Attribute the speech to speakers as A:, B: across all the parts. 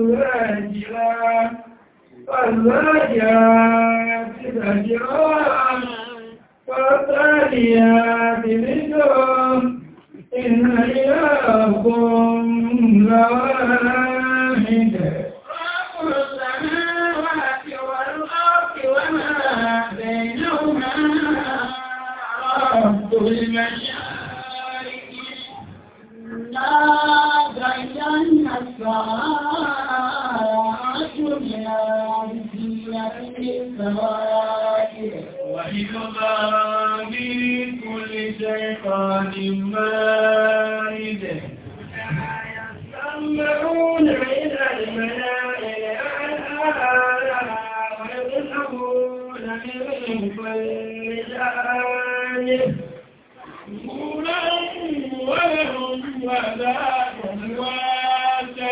A: فالزاجرة فالزاجرات زجرا فالتاليات ذكرا إن إلهكم لواحد رب السماوات والأرض وما بينهما رب المشاعر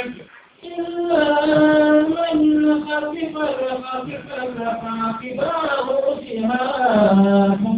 A: الكذب إلا من خفف فخفف فعقباه شهاب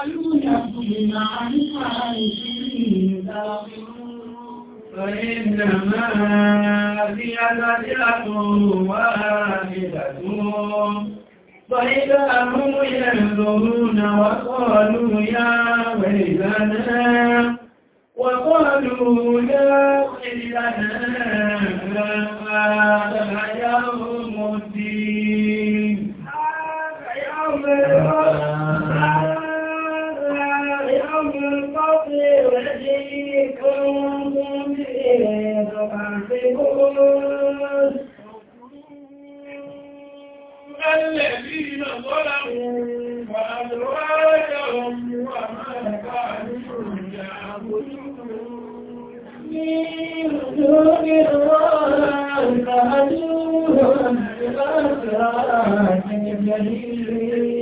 A: يعملون بالمعارف فإنما هي زجرة واحدة فإذا هم ينظرون وقالوا يا ويلنا وقالوا يا ويلنا هذا يوم المجرمون الذين ظلموا وأزواجهم وما كانوا يعبدون من دون الله فهدوهم إلى صراط الجحيم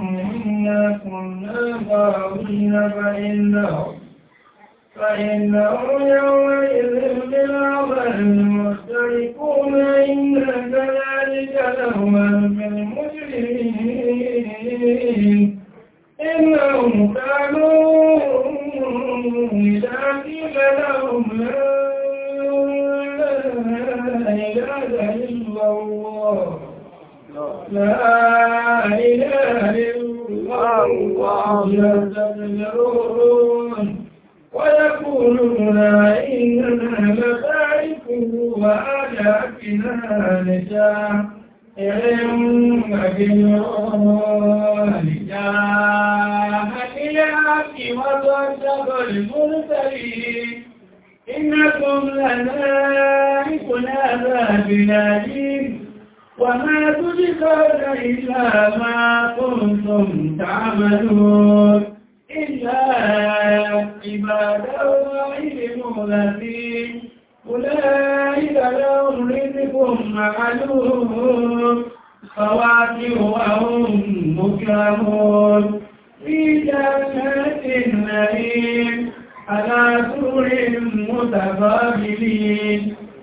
A: لهم إنا كنا غاوين فإنهم فإنه يومئذ بالعظم مختلفون إن كذلك لهما في المجرمين إنهم كانوا إذا قيل لهم لا إله إلا الله لا إله إلا الله يتذكرون ويقولون إننا لتاركه وآياتنا لجاهلهم مجنون لجاهلهم وتعتب المرسلين إنكم لنائكنا ذا بلادين وَمَا تجدون إلا مَا كنتم تعملون إلا عباد الله المغلبين أولئك لهم رزق معلوم فواكه وهم مكرمون في جنات النعيم على سور متقابلين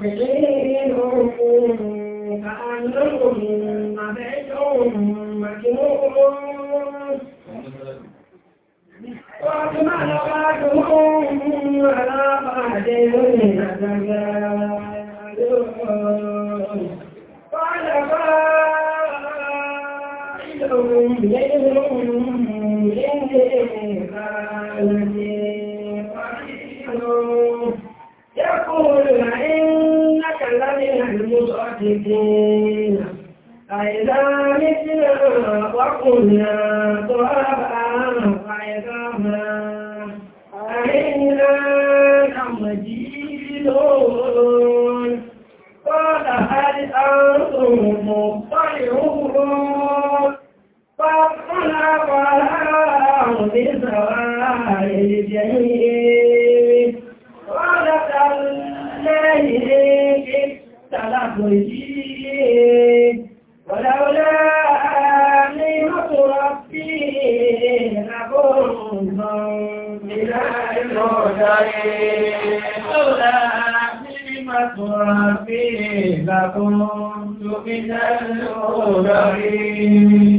A: تقديرهم كأنهم بيت مكنون وأجمل بعضهم على بعض من الزمان الدنيا تربي لكنت من المغربين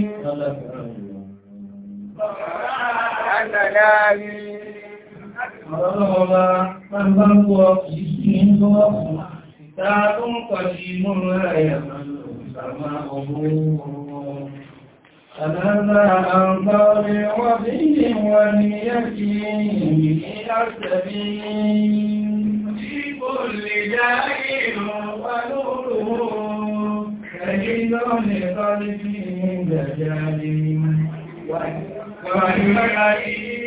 A: Ọlọ́wọ́lá máa bá ń wọ ìsìn ní ọ̀pọ̀ táa tó ń kọ̀ sí múrù ẹ̀yà sàmà ọgbọ́n ọmọ. Àdáńdá àǹbá orí wọ́n bí ìwọ̀n ni yẹ́ kí ìrìn àṣẹ́bí كل جاهل ونوره سجد لقلبي دجال وإمرأتي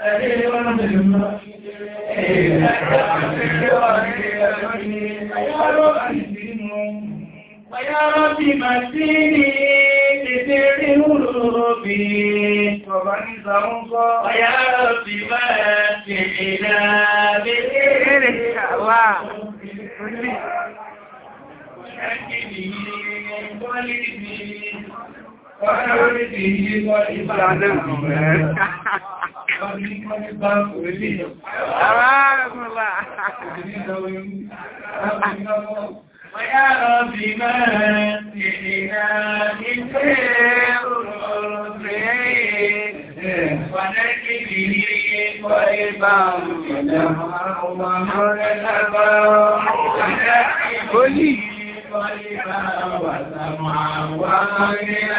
A: أدير بالمسجد يا رب مسيني ti rí olóbi ọba ní sàúnsọ́ ọ̀yá ọ̀bí máa ti ìlà bèèrè ṣàwà Àwọn ará ọmọ ويا رب ما إلينا إسير ونجده وإمام الأمر ومن الأمر ونجده وإمام وسمع ومن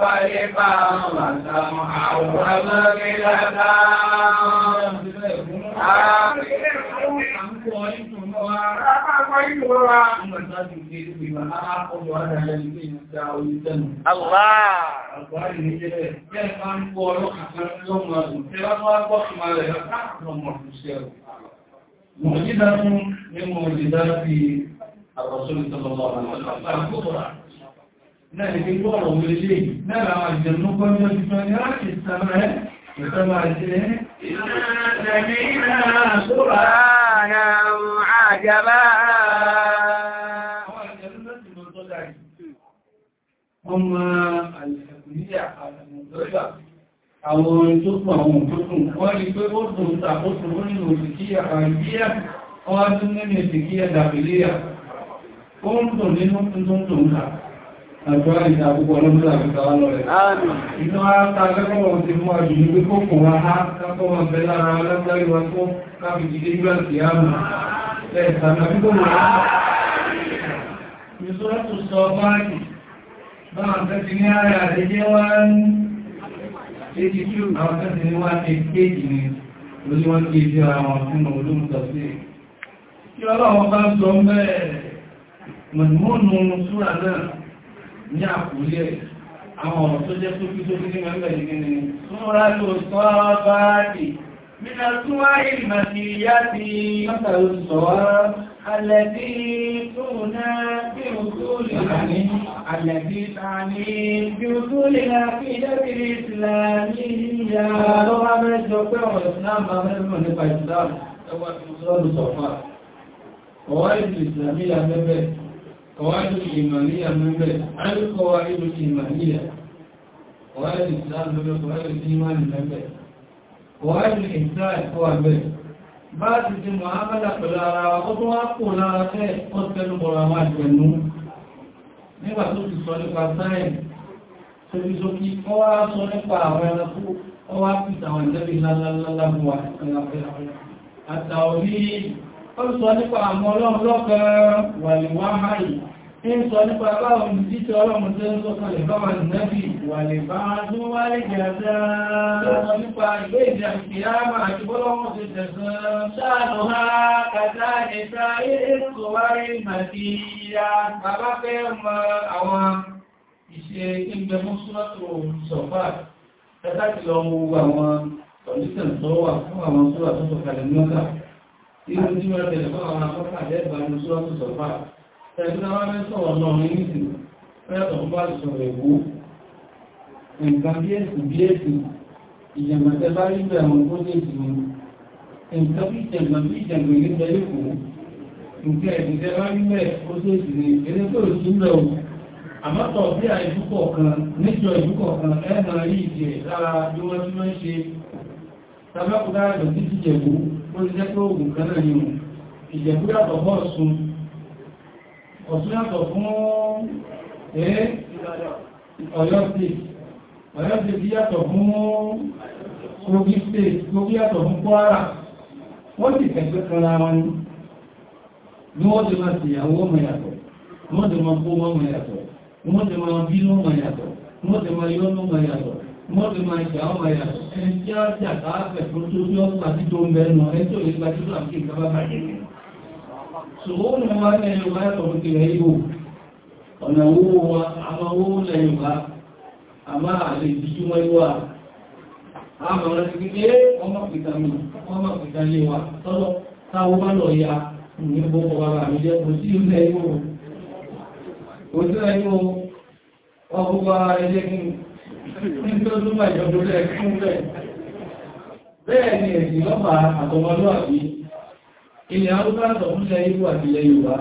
A: طيبا وسمعا ومبلدا kọ́ ìtùn wa rápápá ìlúwà mọ̀sájú pé ìwà àpọ̀lọ̀ àdáyà ilé ìta oníṣẹ́nu. Allah! Àgbáyé ní jẹ́ bẹ́ẹ̀ bá ń kọ́ ọ̀rọ̀ àkàrẹ́ lọ́mọ àdùn tẹ́lá tó wá gbọ́ ìmọ̀ rẹ̀ lápapọ̀ Mọ̀jídá fún ní mọ̀jídá fi àrọ̀sọ́lù tọ́lọ̀lọ́ àkókòrà. Náà ni pé gbọ́ọ̀rọ̀ wọlé lè náà àwọn ìjẹ̀mú kọjọ́ ti fẹ́ ní láti ìsànrẹ́ ìsànrẹ́
B: ìsànrẹ́ kana àjàbá.
A: Àwọn ìjẹ̀lú lọ́sí dárí. Wọ́n máa àlẹ̀kùn ní àwọn orin àwọn òkúrùn wọ́n rí pé ó dùn tàbótù ó ń dùn nínú tuntun tó ń kà Àjọ́rìta púpọ̀ lọ́mọ́lá àgbẹ̀ta lọ́rẹ̀. Inú ara ta gẹ́gọ́wọ̀n ti mú àjò ní pé kòkò wá há, kápọ̀ wọn bẹ lára alágbàrí wa tó káàkì jíde ìgbà sí àmà. Ẹ̀ẹ̀ta na bí kò wọ́n. Ìṣọ́rọ̀ tó sọ báyìí, bá àǹtẹ́ ti ní ààrẹ àdẹ́jẹ́ wá ń 82 àwọn tẹ́ ti ní wá ní kéèkì ni lórí wọ́n kí ara wọn fún olóòrùn tọ́sí. Kí ọlọ́wọ́ bá sọ mẹ́ mọ̀lúmọ́nù súrà náà ní àkúrí ẹ̀ àwọn ọ̀rọ̀ tó jẹ́ tó kí tó kí ní mẹ́gbẹ̀ ìgbẹ̀ni múra tó sọ bá dì mínà tó wá ìrìnà sí yá ti mọ́tàlù sọ wá alẹ́bí tóòná bí o tó lè ní alẹ́bí tàní bí o tó lè ní قواعد الإيمانية من بيت عن القواعد الإيمانية قواعد الإسلام من بيت قواعد الإيمان من بيت قواعد الإنسان هو بيت bá ti ti mọ̀hámẹ́lá pẹ̀lú ara ó tó wá kò lára tẹ́ ó tẹ́lú bọ̀rọ̀ àwọn àjẹ̀nú nígbà tó ti sọ nípa sáyẹ̀n tó bí sókí ó wá sọ nípa àwọn ẹranko ó wá pìtàwọn ìjẹ́bí lálálálá ó sọ nípa àmọ́ ọlọ́run lọ́kàn wàlèwà máyì ń sọ nípa báwọn jíṣẹ́ ọlọ́run tó ń sọ́kànlẹ̀ báwọn nẹ́bì wàlèbá tó wáyé gẹ̀ẹ́sẹ́ ó sọ nípa ìgbé ìdí àkìyàmà àti bọ́lọ́wọ́ ti tẹ̀sán sáàtò ha kàtà ìta ìrìnkò wáyé màtí ya bàbá fẹ́ tó wà fún àwọn tó wà irú tí wọ́n tẹ̀lẹ̀ fún àwọn akọ́kàlẹ̀ ìbájú sọ́ọ̀tù sọ̀fà tẹ̀lẹ̀ wọ́n mẹ́ sọ̀rọ̀ náà ní ìsìn fẹ́ẹ̀tọ̀ fún bá sọ̀rọ̀ èwó nǹkan bí ẹ̀sùn bí ẹ̀sùn ìjẹ̀mọ̀tẹ́ bá rí bẹ̀ àwọn tó lè dùn nǹkan bí ìjẹ̀mọ̀ bí ìjẹ̀mọ̀ ní bẹ̀rẹ̀ kù nǹkan ẹ̀sùn tẹ́ bá rí bẹ̀ ó tó sì ní eré tó lè dùn lọ àmọ́tọ̀ bí i ìdúkọ̀ kan níjọ ìdúkọ̀ kan ẹ̀ẹ̀mọ̀ rí ìjẹ̀ lára bí wọ́n ti máa ń ṣe tabakúdá bó ti jẹ́ pé òògùn kan náà ni ìjẹ̀bú yàtọ̀ fún ọ̀ṣun ọ̀ṣun yàtọ̀ fún ẹ́ ọ̀yọ́ yàtọ̀ fún kogi state kogi yàtọ̀ fún kwara wọ́n ti kẹ̀kẹ́ kan ara wọn wọ́n ti máa ti máa ọmọ yàtọ̀ mọ́bí máa jà ọmọ ẹ̀yà ẹni tí ó jà káàkẹ̀ tó tó tí ó pàtí tó ń bẹ̀rẹ̀ náà ẹjọ́ ìgbà tí ó àti ìgbà bàbá jẹ́ mi ṣùgbọ́n ní wá ní Yorùbá ẹ̀kọ́ fún ilẹ̀ Ìgbò ọ̀nà owó wa àwọn owó lẹ Yorùbá a máa lè díjú wọn wá a máa rẹ̀ sí pé ọmọ pìtà mi ọmọ Bẹ́ẹ̀ ni ẹ̀sìn lọ́pàá àtọmọlúwàbí, ilẹ̀ Arúgbà àtọ̀múṣẹ́ ìlú àtìlẹ̀ Yorùbá.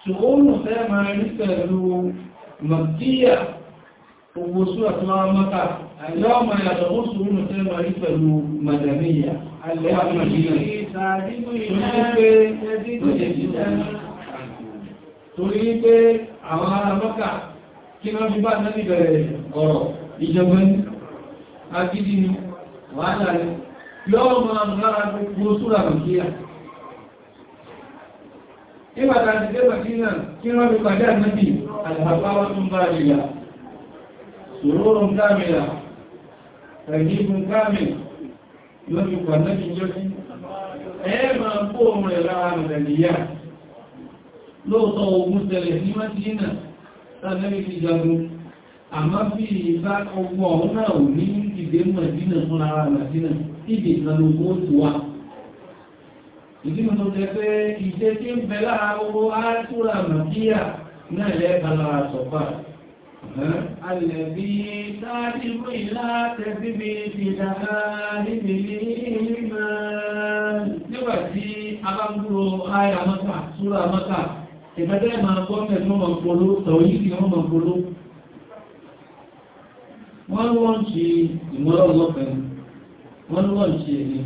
A: Ṣùgbónù fẹ́ máa rí pẹ̀lú Màkíyà, ògbòsú àtọmọ́ mọ́ta, lọ́mọ àtọmọ́sùgbónù fẹ́ máa rí pẹ̀lú Màdàmíyà, alẹ́ àtọmọ́ ìjọba ní agídí ni wàhálà rẹ̀ yóò máa lára gbogbo súra nàìjíríà nígbàtà ti dé màkínà kí wọ́n fi pàdé ànábì àlàbáwọ́ tún bá rìlà sòrórùn kámìlà ẹ̀gbígun kámìlà yóò fi pàdé ìjọ sí ẹ̀ẹ́mà fóòmù rẹ̀ lára nàìjíríà lóòtọ́ ogun tẹ̀lẹ̀ ní màkínà tàbí ìjagun àmọ́ bí ìbá ọgbọ́ ọ̀hún náà ò ní ìdè mọ̀dínà fún ara mọ̀dínà ìdè ìsànlógún ó ti wá ìdímọ̀ tó jẹ́ pé ìṣe tí ń bẹ lára owó átúrà màkíyà náà lẹ́ẹ̀ka lára sọ̀fà alẹ́bí sáájú mú ìlà tẹ́síbi ti dára níbi ìlímọ̀ wọ́n wọ́n ṣe ìmọ́lọ́ lọ́fẹ́ wọ́n wọ́n ṣe ní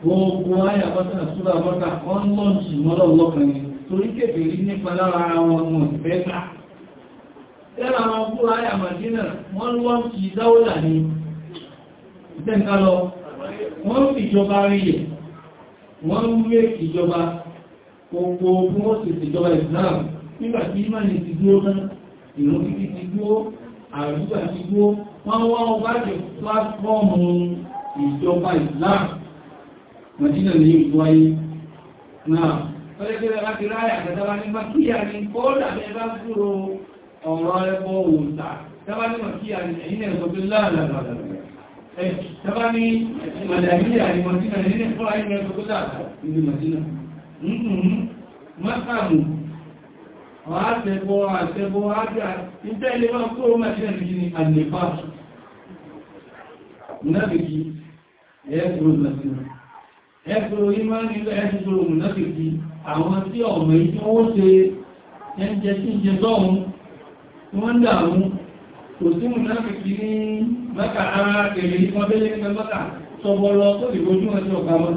A: gbogbo ayà bọ́tà súra bọ́tà wọ́n wọ́n ṣe ìmọ́lọ́ lọ́fẹ́ ni torí kèfèrí nípa lára wọn wọn fẹ́ ta tẹ́lá wọn kú ayà màdínà wọ́n wọ́n ṣe dáwọ́là ni ìtẹ́ǹká lọ wọ́n fi ìjọba ríyẹ̀ wọ́n wé ìjọba gbogbo fún wọ́n sì ìjọba wọ́n wá ọba jù pláfọ́ọ̀mù ìjọba islam madina ní ìwáyé náà ọlẹ́gbẹ̀rẹ̀ láti ráyà àtàtàwà ní makíyà ní kóòlà bẹ́ẹ̀ bá kúrò ọ̀rọ̀ ẹgbọ́ òòta tàbá ní makíyà ní ẹ̀yìn ẹ̀sọ́ bí láàrín Wọ́n á tẹ́bọ́ àtẹ́bọ́ ágbà, ìtẹ́ ilé máa kó mẹ́sílẹ̀ ní àlèfáàsù munafiki ẹ̀ẹ́kùrò nàfíì ẹ̀ẹ́kùrò ìmáni ẹ̀ẹ́kùrò munafiki àwọn tí ọmọ ìjọ ó ṣe ẹ̀ẹ́jẹ tí jẹ sọ́hun wọ́n dàmú kò sí munafiki ní mẹ́ka ara kèrè ìfọ́bẹ́lẹ́ mẹ́ka sọ́bọ́lọ́ tó ìgbójú ọjọ́ ọ̀gá wọn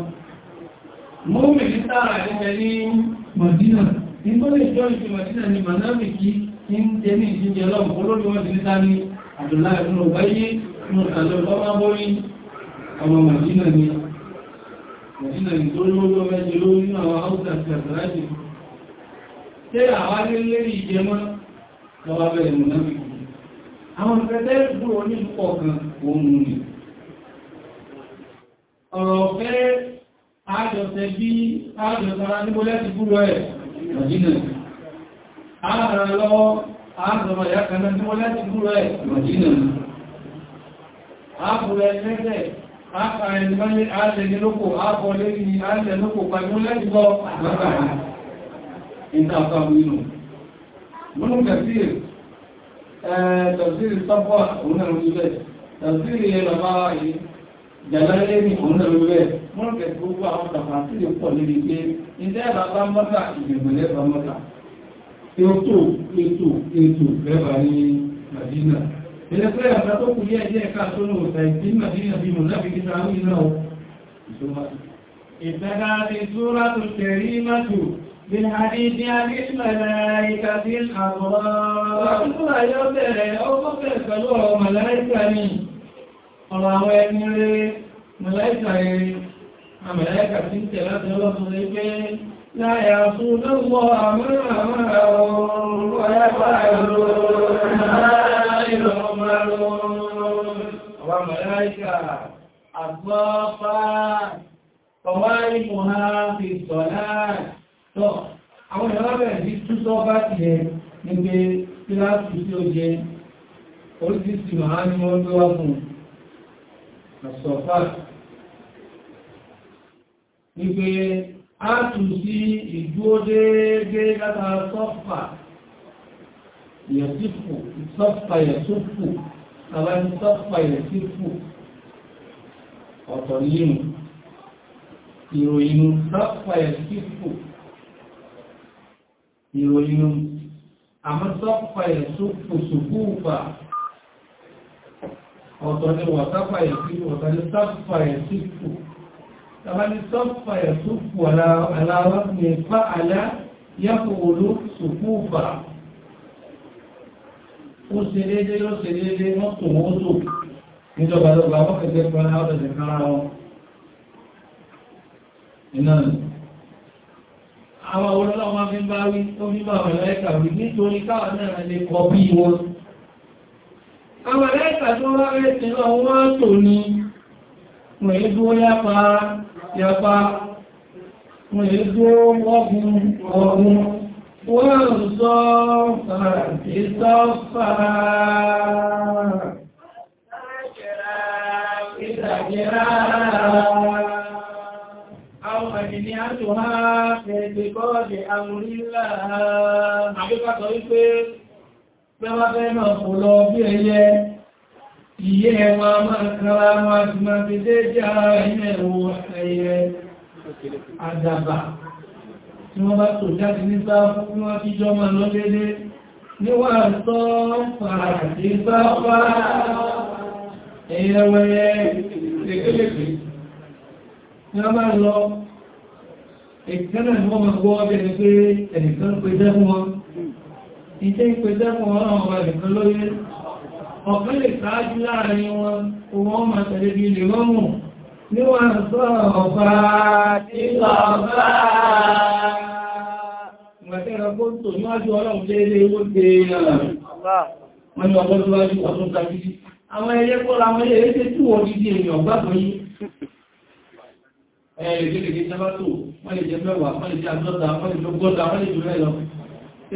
A: mọ́mí ní tààrà ẹgbẹ́ ní Màdínà ní tó lè jọ ìṣẹ́ Màdínà ni manamiki ń jẹ ní ìṣẹ́ jẹ́ lọ́pọ̀ olóògbé wọn ti ní sáà ní Abdullahi ibn Ubayy mú àjọ bọ́bá bórí ọmọ màdínà ni màdínà ni tó lórí ọmọ ẹjẹ lórí àwọn haúsà ti àtàrájì tẹ́ àwárí lérí ìjẹmọ́ lọ́wọ́ bẹ̀rẹ̀ mọ̀ náà àwọn ìfẹ́lẹ́ gbúrò ní púpọ̀ kan òun ni ọ̀rọ̀ fẹ́ àjọsẹ̀ bí àjọsára níbo lẹ́ti gbúrò ẹ̀ màdínà ààrẹ lọ́wọ́ àjọmọ̀ ìyá kan náà níbo lẹ́ti gbúrò ẹ̀ màdínà ààbùrẹ̀ lẹ́sẹ̀ àpà ẹ̀lẹ́mọ́lé ààlẹ́lẹ́lókò ààbọ̀ lérí ààlẹ́lókò pàdún lẹ́gbọ́ àgbàgbà ìtàkàwò inú múnú kẹfíì tafsiri sọ́pọ̀ onírúurú tafsiri ẹlọ́bá jàlálẹ́ ní onírúurú múnú kẹfíì gbogbo àwọn tafsiri pọ̀ lórí pé ìjẹ́ bàbá mọ́ta ìgbẹ̀gbẹ̀lẹ́ bàbá mọ́ta ètò ètò ètò lẹ́bàá ní Madina ilẹ̀ pé ọ̀gá tó kù ní ẹ̀jẹ́ ẹ̀ka tó lò ọ̀tà ìdínmà ní ìrìnàbí mọ̀ láti kí sáà ní náà ìtàkà ti súra tó tẹ̀rí mọ́tò bí àdídí àdíṣmẹ̀lẹ̀ ìkàdí àbọ̀rọ̀ ọ̀rọ̀ yóò bẹ̀rẹ̀ ó kọ́kẹ̀ pẹ̀lú ọ̀rọ̀ màláìkà ní ọ̀rọ̀ àwọn ẹni rẹ̀ màláìkà rẹ̀ àmàláìkà ti ń tẹ̀lá tẹ́lọ́ tó lé pé láyà fún lọ́wọ́ àmúrà àmúrà ọ̀rọ̀ ọ̀rọ̀ يعملون وملائكة أطلافا طوائفها في الصلاة àwọn ìrọ́bẹ̀ ní tútọ́ bá ti ẹ̀ ní pé kíláàsì tí ó jẹ orísìsì máa ní wọ́n gbé wá fún àṣọ̀fà ní pé a tù sí ìdúó déédéé látara sọ́fà yẹ̀sífù ìsọ́fà yẹ̀sífù tàbá ní sọ́fà yẹ̀sífù ọ̀tọ̀ yìí ìròyìn sọ́fà yẹ̀sífù ìròyìn àmọ́ sọ́fà yẹ̀sífù sùkúùfà ọ̀tọ̀ ni wọ̀sọ́fà yẹ̀sífù ọ̀tọ̀ ni sọ́fà yẹ̀sífù tàbá ní sọ́fà yẹ̀sífù aláwọ́ ó ṣe déédé yóò ṣe déédé wọ́n tò wọ́n tò níjọba lọ́gbà wọ́n kẹ̀kẹ́ fún ara ọ̀dọ̀ ìkára wọn iná ni àwọn olóòlò máa fi ń bá wí tó fi bá àwọn ẹ̀ka wí nítorí káwọn náà lè kọ bí wọn àwọn ẹ̀ka tó wá rẹ̀ sí lọ wọ́n tò ní والصفات صفا أو مجنياتها في اعتقاد أمر الله Àbíká sọ wípé pé wá fẹ́ máa kò lọ bí ẹyẹ, ìyẹ́ ẹwà máa kára máa ti máa fi dé jà ẹ̀yẹ̀ ẹ̀wọ̀ ẹyẹ àdàbà tí wọ́n bá tò jáde ní sáfú bí wọ́n jíjọ ma lọ lédé níwà sọ fàájì sáfá ẹ̀yẹwẹ̀yẹ lèkélèkè ní a máa lọ ìkẹ́nà ni wọ́n ma gbọ́ ọbẹ̀rẹ̀ pé ni wọ́n sọ ọ̀fà nílò ọ̀fà. Ìgbàtẹ́ra gbóntò níwájú ọlọ́run léèrè owó dé náà. Wọ́n ni ọgbọ́n níwájú ọdún kàbí. Àwọn ẹyẹ kọ́ra àwọn ẹyẹ tẹ́ tí wọ́n dídí èèyàn gbá fún yí. Ẹ̀rẹ̀ kékeré sábátò, wọ́n lè jẹ mẹ́wàá, wọ́n lè jẹ àjọ́ta, wọ́n lè jọ gọ́ta, wọ́n lè jù mẹ́lọ. Kí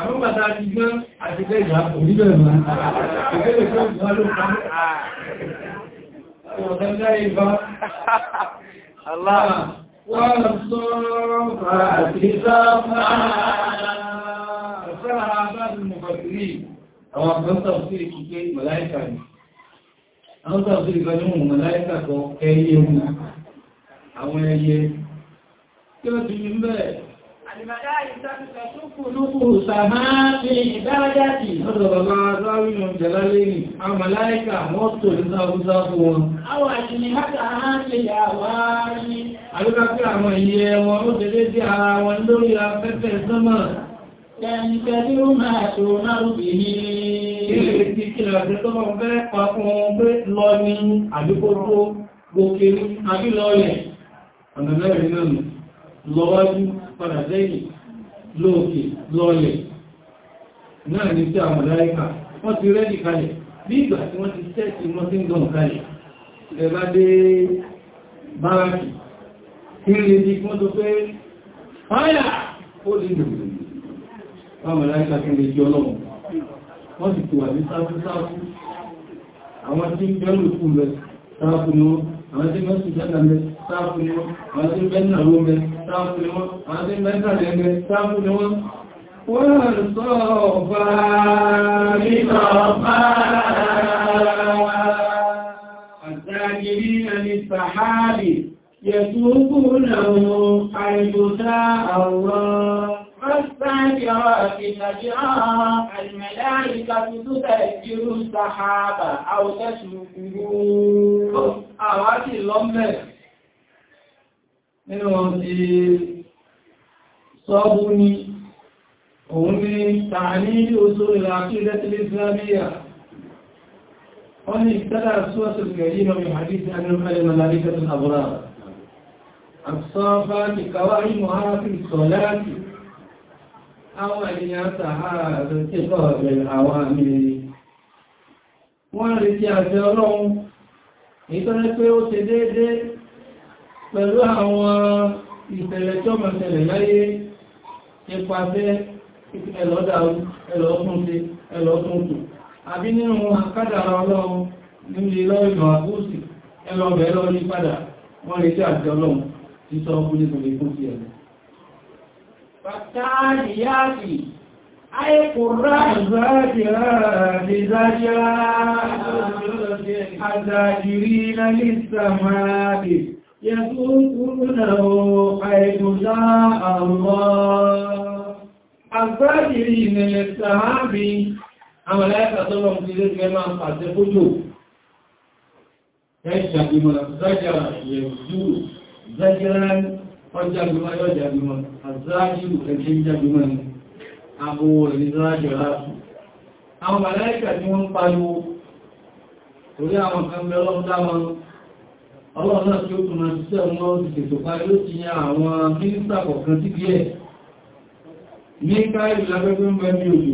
A: àwọn bàtà ti gbọ́n àti fẹ́ ìgbà orílẹ̀ ìgbà ìgbẹ́lẹ̀ tó gbọ́n ló pa ọ̀dọ́ láyé bá wọ́n sọ́rọ̀ àti sáàmà sáàmà àbájú mọ̀kàtìrí àwọn àgbọ́ntà sí ìkùnkẹ́ mọ̀láíkà ni àwọn tàà sí ìgbà nínú mọ̀láíkà kọ ẹyẹ ohun àwọn ẹyẹ tí ó ti rí mẹ́ẹ̀ المدائن تشك قلوب سماء في درجتي هذا الله راوي من جلالين الملائكة موت لله زابون أو أجنحتها في أواني ألقى في عمي ومدد في عوان دوري أفتح الزمن كان كثير ما تؤمر به Ìrètí kí lọ́dé tó mọ̀ fẹ́ pa fún ọgbẹ́ lọ ní àdúgbò gbókè àbílọ́ọ̀lẹ̀. Ọ̀nà mẹ́rin náà lọ́wọ́jú padà lẹ́yìn lóòkè lọ́ọ̀lẹ̀ náà ní sí àwọn aláìkà wọ́n ti rẹ́dì kalẹ̀ bí ìgbà tí wọ́n ti tẹ́ẹ̀tì wọ́n ti ń gọ̀n kalẹ̀ ẹ̀bá dé báràkì kí lè di kí wọ́n tó pé fáyà ó lè lò àwọn aláìkà kí ń lè di ọlọ́run wọ́n sì ti wà ní sáfúsáfú àwọn tí ń bẹ́rù kú lẹ sáfúnú àwọn tí wọ́n sì jẹ́ sáàpù ni wọ́n àwọn tí mẹ́ta حيث ساء الله فالساجرات سجرا الملائكة تسجر السحابة أو تسلكه أواتي اللمبة nínú ti sọ́bú ní òun ní tààní oṣù ìlàkí lẹ́tìlẹ̀ islamiyya wọ́n ni ìtàdà sọ́sù gẹ̀rí mọ̀ ní hadith anúfẹ́lẹ̀ malarikatul abúráà àṣọ́fà ti kàwàrí mọ̀háfí sọ̀láàtì àwọn ènìyàn sàhárà tó tí kọ̀ pẹ̀lú àwọn ìṣẹ̀lẹ̀ tí ó máa ṣẹlẹ̀ láyé nípasẹ̀ ẹlọ́dàrú ẹlọ́túnṣe ẹlọ́túnṣe àbí nínú àkádàrà ọlọ́run nílé lọ́rìnà àbúsì ẹlọ́bẹ̀ lọ́rí padà wọ́n lè jẹ́ àjọ ọlọ́run tí sọ ọkùnrin kò lè kó sí ẹ̀lẹ́ Fàtàríyàtì, àìkùnrà ìzájìrá ìzájìrá àzàjìrí náà ní sàmáàdì. يذوقونه حيث شاء الله الفاجرين للسحاب àwọn aláìsà tó lọ sí ilé ìgbẹ́ máa pàṣẹ kójò ẹ̀ṣà ìgbìmọ̀ àwọn aláìsà tí wọ́n pariwo torí àwọn kan bẹ̀rọ̀ dáwọn àwọn náà tí ó tún máa ṣiṣẹ́ ọmọ ti tètò parí ló ti yan àwọn mínísítà kọ̀ọ̀kan sí díẹ̀ ní káìlú lábẹ́gbẹ́ ń bẹ ní òjò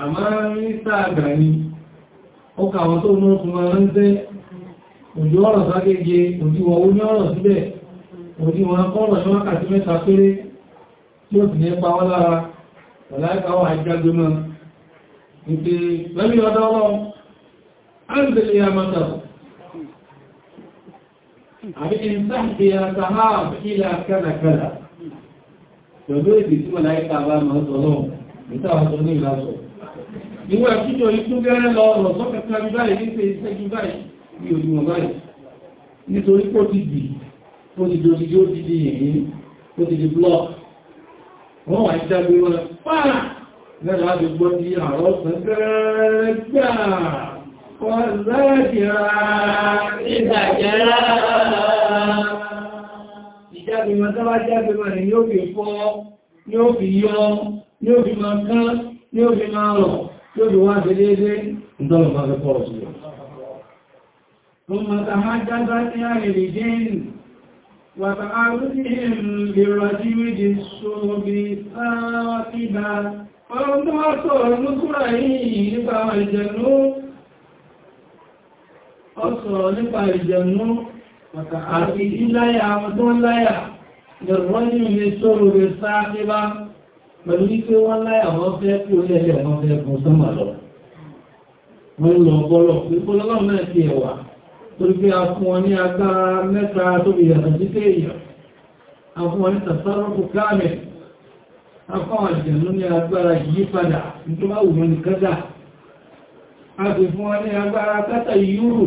A: àmá mínísítà àgbà ni ó kà àwọn tó mọ́ fún wọn ránṣẹ́ òjò ọ̀rọ̀ ságéje òjò wọn ó ní ọ̀rọ̀ síbẹ̀ òjò wọn kọ́rọ̀ ní wákàtí mẹ́ta péré tí ó sì ní àbí ìsáàkì àtàhà ìlà kẹ́lẹ̀kẹ́lẹ̀ pẹ̀lú èdè tí wọ́n láyé tàbá máa sọ lọ́wọ́ nítawà tó ní ìlàsọ̀ ìwọ̀n ìfíjọ ìtúgẹ́rẹ́ lọ ọ̀rọ̀ sọ́kẹ̀kẹ́ báyìí ní pé báyìí ní òdìwọ̀n báyìí Ìjábìmọ̀ tó bá jábìmọ̀ rẹ̀ yóò fi fọ́, yóò fi yọ, yóò fi máa kán, yóò fi máa rọ̀, yóò fi wá fi léèdé ìdọ́nà máa fẹ́ pọ̀rọ̀ sí rẹ̀. Tó máa ta máa jábá ní àrẹ̀lẹ̀ jẹ́rì, wàtà arúgbìn lè rọ̀jí méjì sóbi sáà ó sọ̀rọ̀ nípa ìjẹ̀mú àti ìláyà àwọn tó ń láyà lẹ́rọ̀ọ́nì ilé sọ́rọ̀ rẹ̀ sáájú bá pẹ̀lú wípé wọ́n láyà wọ́n fẹ́ kí ó lẹ́lẹ̀ wọ́n fẹ́ kún sọ́mà lọ wọ́n lọ bọ́lọ̀ pípọ́ lọ́lọ́run náà ti ẹ̀wà torí pé a fún wọn ní agbára mẹ́ta fún wọn ní agbára kátà yúrù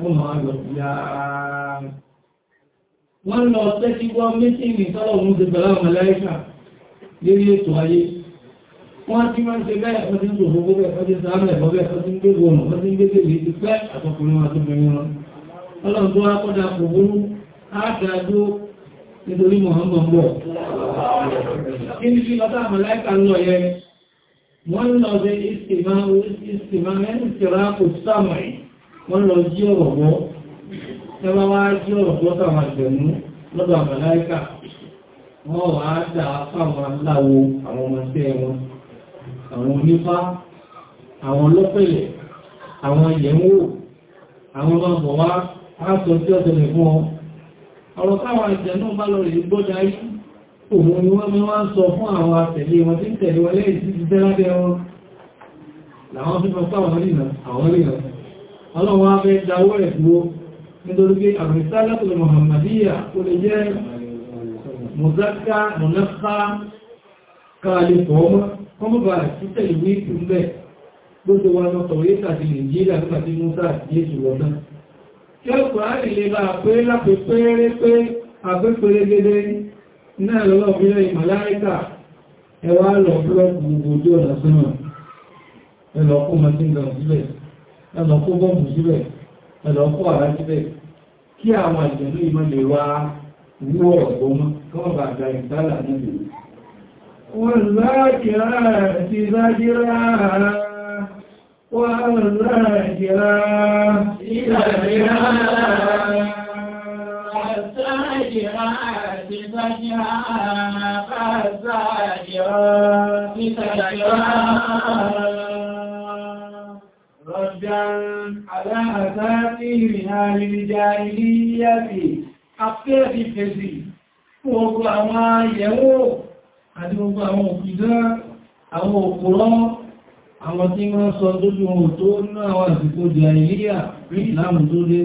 A: wọ́n máa lọ sí yáá wọ́n lọ tẹ́kí wọ́n méjìlì tọ́lọ̀ òun ti bẹ̀rẹ̀ ọmọ lẹ́ríkà lérí ètò ayé wọ́n ti máa ń ṣe bẹ́ẹ̀ wọ́n ti ń tò fún bẹ́ẹ̀ wọ́n ti sáàmẹ̀ ọ̀bẹ́ wọ́n ti ń gbé gbòòrùn wọ́n ti ń gbé gbèlè ti pẹ́ àtọkùnrin wọn tó bẹ̀rẹ̀ wọn ọlọ́run tó wọ́n lọ jí ọ̀rọ̀ wọ́ tẹ́wọ́ wá jí ọ̀rọ̀ wọ́ sàwọn àgbẹ̀mú lọ́dọ̀ àmàláìkà wọ́n wá dà fáwọn aláwo àwọn ọmọọṣẹ́ wọn àwọn onífá àwọn ọlọ́pẹ̀lẹ̀ àwọn yẹ̀wò àwọn ọmọ wá aṣọ tí ọ àwọn fífọ́ fáwọn rìnà àwọn rìnà ọlọ́wọ́ abẹ́ dáwọ́ ẹ̀gbó nítorí pé àrìsálàtò Muhammadiyya ó lè jẹ́ mọ̀záká mọ̀lẹ́fà káàlẹ̀ fọ́ọ́mọ́ kọmọ́bà títẹ̀ ìwé ìpínlẹ̀ gbogbo wa lọ sọ̀rọ̀ yíta ti Nàìjíríà nípa tí Musa Jésù lọ́nà tí ó kò ráàrì lè bá pé lápé pẹ́ẹ́rẹ́ pé àpẹ́pẹ́rẹ́ gẹ́gẹ́ náà lọ́lọ́bílẹ̀ ìmàláríkà ẹwà lọ búrọ́kù gbogbo ojú ọ̀nà sọ́nà ẹlọ́kùn mọ́ sí ìgbà sílẹ̀ ẹlọ kó bọ́ọ̀mù síbẹ̀ ẹlọ kó àrá síbẹ̀ kí àwọn àjẹ̀lú ìmọ̀ lè wá wú ọ̀gbọ́n mọ́ bá gba ìgbàlà níbi والذاكرات ذكرا والذاكرات ردا على أساطيرها للجاهلية أفتح الفزي gbogbo àwọn àyẹ̀wò àti gbogbo àwọn òkúdá àwọn òkúrọ́ àwọn tí wọ́n sọ lójú ohun tó ní àwọn àsìkò jàìlíyà rí ìlàmù tó dé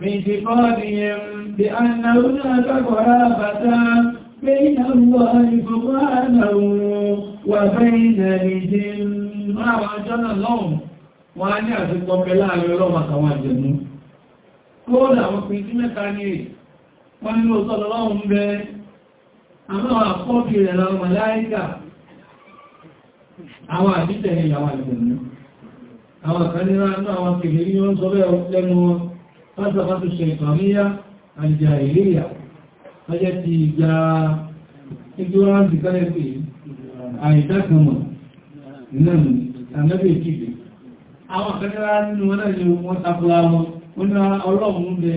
A: mìtì fọ́ọ̀dìyàn bí a na orí àtàkọ̀rá bàtà pé ìtàlúwà ìfọ̀kọ́ àdàrùn wà fẹ́ ìdàrí jẹ́ máa wọ́n á ní àṣepọ̀pẹ́ láàrin ọlọ́run àtàwọn àjẹ̀mú kóòdà àwọn pin sí mẹ́ta ní wọ́n nínú ọ̀sọ́lọ́ ọlọ́run ń bẹ àwọn àpọ́bì rẹ̀ lọ màláíkà àwọn àdíjẹ̀ ní àwọn àjẹ̀mú àwọn àkànníra náà àwọn kèfèé ní wọ́n sọ bẹ́ẹ̀ lẹ́nu wọn fásitì ṣe ìpàmíyá àjẹ́ àìléyà ọjẹ́ ti ìgbà ignorance àwọn akẹ́kẹ́rá nínú wọn náà ni wọ́n tapọ́lá wọn ó ní ọlọ́run bẹ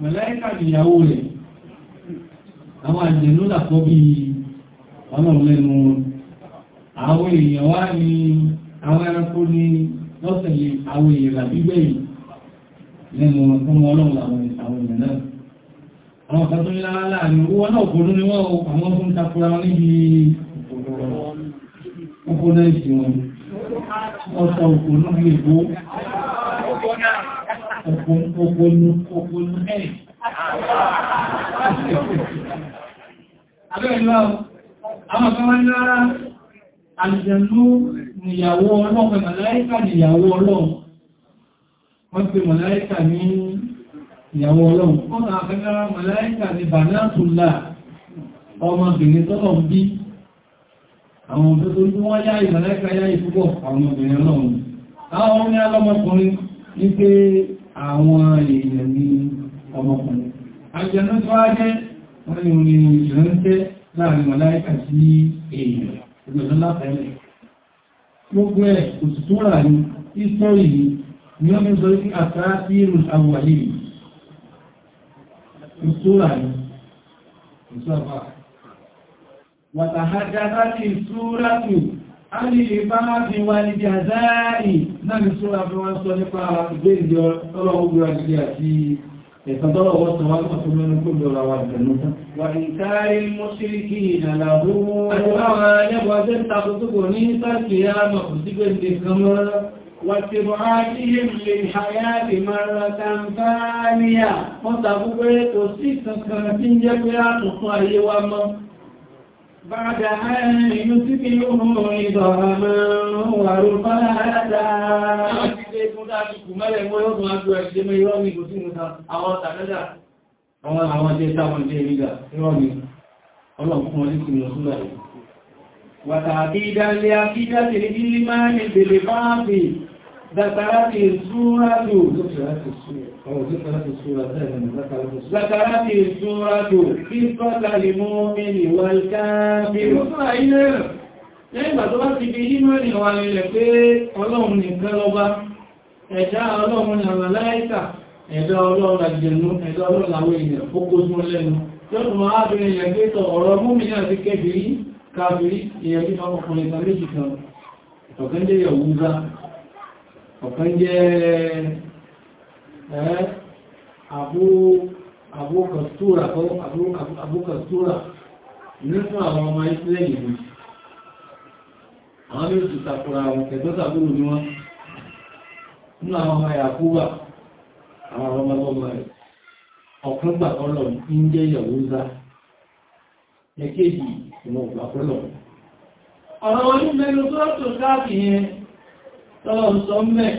A: mọ̀láíkà ìyàwó rẹ̀ àwọn àjẹ̀lú làkọ́ bí ọlọ́run lẹ́nu wọn àwọn èèyàn wá ní àwọn ẹranko ní lọ́sẹ̀lẹ̀ àwọn èèyàn làbígbẹ̀yìn lẹ́nu wọn fún ọlọ́run àwọn èèyàn náà àwọn kan tó ní lára láàrin owó náà òkúrú ni wọ́n àwọn fún tapọ́lá wọn níbi òkúrú ọ̀sọ̀ òpònú lè bó òpònú mẹ́rin. Abẹ́ ìlú àwọn ọmọ wọn lára àjẹ̀lú nìyàwó ọlọ́pẹ̀ màláíkà nìyàwó ọlọ́run. Wọ́n pe màláíkà ní ìyàwó ọlọ́run. Wọ́n àwọn òṣèrè tó ní wọ́n yá ìmọ̀lẹ́ka yá ìfúgbọ̀ àwọn obìnrin ọlọ́run àwọn ní alọ́mọkùnrin ní pé àwọn èèyàn ní ọmọkùnrin àjẹ́nà tó á jẹ́ wọ́n ni orin ìrẹ́ńtẹ́ láàrin mọ̀láíkà sí èèyàn ìgbẹ̀lọ́ látẹ̀lẹ̀ gbogbo ẹ̀ òtútúrà ní ìsọ́rì ni wọ́n ń sọ sí àtà sí irun àwọ̀ yìí òtútúrà ní ìsọ́fà وتحدثت السورة عن العباد والجزاء náà ni sóra fi wọ́n sọ nípa gbé ìdí ọlọ́wọ́ gbé àjíjẹ́ àti ẹ̀sàtọ́lọ̀ wọ́n sọ wọ́n tó mẹ́rin kó lọ́ra wà jẹ̀lú wà ní káàrí mọ́ṣíríkì ìdàlàbú àwọn ẹgbẹ́ ọjọ́ ìtàkùtùkù ní sàkì àmọ̀ òsígbẹ̀ndẹ̀ kan mọ́ وَاتِّبَاعِهِمْ لِلْحَيَاةِ مَرَّةً بعد أن يتبعه عظاما ورفاتا Àwọn àwọn tí sáwọn jẹ́ ìrìgà ìrọ̀mí, أو ذكرت السورتان ذكرت السورة قصة المؤمن والكافر lẹ́yìnbà tó bá ti fi nínú ẹ̀nì wa nílẹ̀ pé ọlọ́run nìkan lọ́ba ẹ̀dá ọlọ́run ní àwọn aláìsà ẹ̀dá ọlọ́run àjẹ̀nú ẹ̀dá ọlọ́run àwọn èèyàn ó kó tún lẹ́nu lọ́tún wọn á bẹ̀rẹ̀ ilẹ̀ pé tọ ọ̀rọ̀ múmìnà àti kẹfìrí kàfìrí èèyàn bí ọkùnrin kan méjì kan ọ̀kan jẹ́ yàwúzá ọ̀kan jẹ́ Ee, eh? Kastura kọ́ Abu Kastura nínú àwọn ọmọ Ísírẹ́lì wọn àwọn ní oṣù takura wọn kẹtọ́sàbúrò ní wọ́n nínú àwọn ọmọ Yakuba àwọn ọmọ ọmọ rẹ̀ ọ̀kan gbà kọ́lọ̀ jẹ́ Yahuza